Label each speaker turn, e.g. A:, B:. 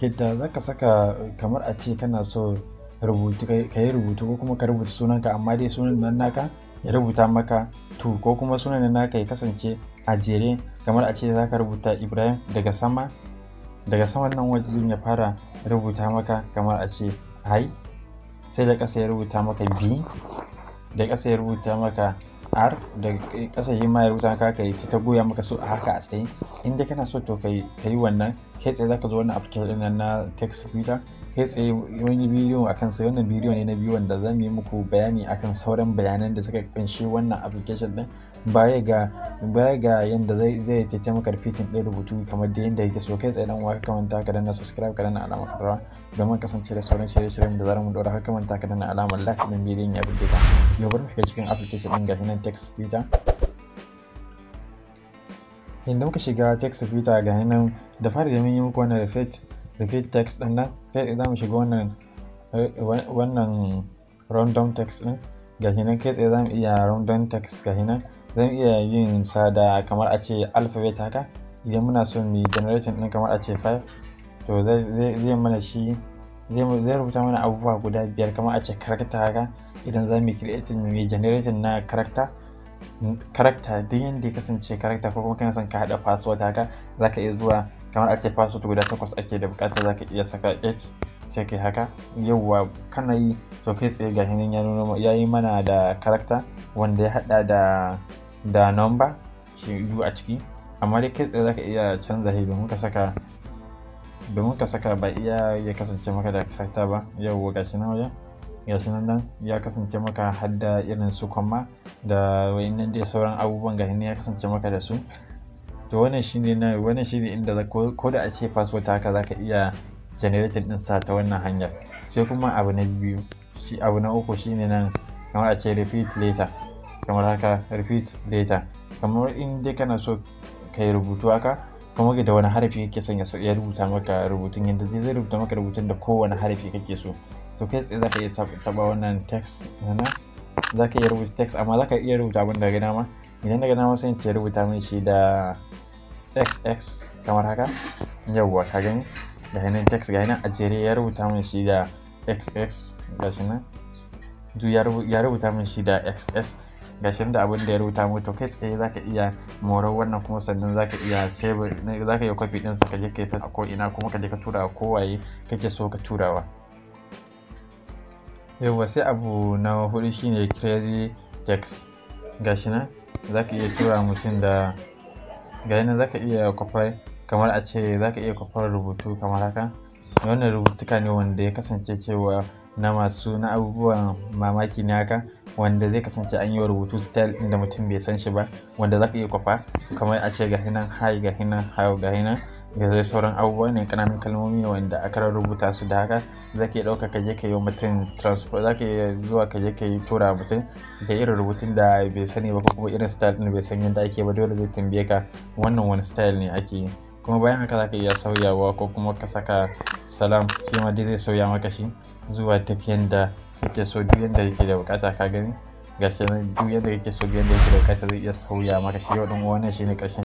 A: yadda za ka saka eh, kamar a ce kana so ka yi rubutu ko kuma ka rubuta sunanka amma dai sunan nan naka ya rubuta maka tu ko kuma sunan nan naka ya kasance a jere kamar a ce za ka rubuta ibrahim daga sama daga saman nan wajen ya fara rubuta maka kamar a ce hai sai da kasa ya rubuta maka b da kasa ya rubuta maka r daga kasashen ma ya rubuta haka ka yi ta goya maka so a haka a tsaye inda kana so to ka yi wannan kai tsaye za ka zo wannan application na text computer kai tsaye wani bidiyo a kan sai wannan bidiyo ne na biyu wanda zan yi muku bayani akan sauran bayanan da suka kunshi wannan application din baya ga baya ga yanda zai zai taimaka fitin daya rubutu kamar da yanda yake so kai tsaye dan waka kamanta ka danna subscribe ka danna alamar domin kasance da sauran shirye-shiryen da zaran mu dora haka kamanta ka danna alamar like din bidiyon ya bude ka yau bar mu shiga cikin application din gashi nan text feature yanda muka shiga text feature ga nan da fari da mun yi muku wannan reflect repeat text ɗin nan sai za mu shiga wannan wannan random text din gashi nan kai tsaye za mu iya random text shi nan mu iya yin sa da kamar a ce alphabet haka idan muna so mu generation ɗin kamar a ce 5 to zai mana shi zai rubuta mana abubuwa guda biyar kamar a ce karakta haka idan za mu create mu generating na karakta karakta duk yadda ya kasance karakta ko kuma kana son ka haɗa password haka zaka iya zuwa kamar a ce password guda takwas ake da bukata zaka iya saka h sai kai haka yauwa kana yi to kai tsaye ga hinin ya nuna ya yi mana da karakta wanda ya hada da da number shi biyu a ciki amma dai kai tsaye zaka iya canza shi domin ka saka ba iya ya kasance maka da character ba yauwa ga nan wajen gashi nan nan ya kasance maka hada irin su kwamma da wayannan dai sauran abubuwan ga gashi ya kasance maka da su to wannan shine na wannan shine inda ko da ake password haka zaka iya generating din sa ta wannan hanyar sai kuma abu na biyu shi abu na uku shine nan kamar a ce repeat later kamar haka repeat later kamar in dai kana so ka yi rubutu haka kuma da wani harafi kake son ya rubuta maka rubutun yadda zai zai rubuta maka rubutun da kowane harafi kake so to kai tsaye zaka iya taba wannan text nan zaka iya rubuta text amma zaka iya rubuta abin da ga dama idan daga nan sai ya rubuta min shi da xx kamar haka yawwa ka gani da hannun text ga nan a jere ya rubuta min shi da xx ga shi nan du ya rubuta min shi da xs ga shi da abin da ya rubuta mai to kai tsaye za ka iya morar wannan kuma sannan za ka iya save za ka yi copy din sa ka je kai a ko ina kuma ka je ka tura kowaye kake so ka turawa yawwa sai abu na hudu shine crazy text shi nan zaka iya tura mutum da ga za iya kwafar kamar a ce za iya kwafar rubutu kamar haka wannan rubutuka ne wanda ya kasance cewa na masu na abubuwan mamaki ne haka wanda zai kasance an yi wa rubutu style inda mutum bai san shi ba wanda zaka iya kwafa kamar a ce ga hinan hai ga hinan hau ga hinan ga zai sauran abubuwa ne kananan kalmomi wanda aka rubuta su da haka za ka ɗauka ka je ka yi mutum transport za ka zuwa ka je ka yi tura mutum da irin rubutun da bai sani ba ko kuma irin style ɗin bai san yadda ake ba dole zai tambaye ka wannan wani style ne ake yi kuma bayan haka za ka iya sauyawa ko kuma ka saka salam shi ma dai zai sauya maka shi zuwa tafiyan da kake so duk yadda kake da bukata ka gani gashi duk yadda kake so duk yadda kake da bukata zai iya sauya maka shi wannan shine ƙarshen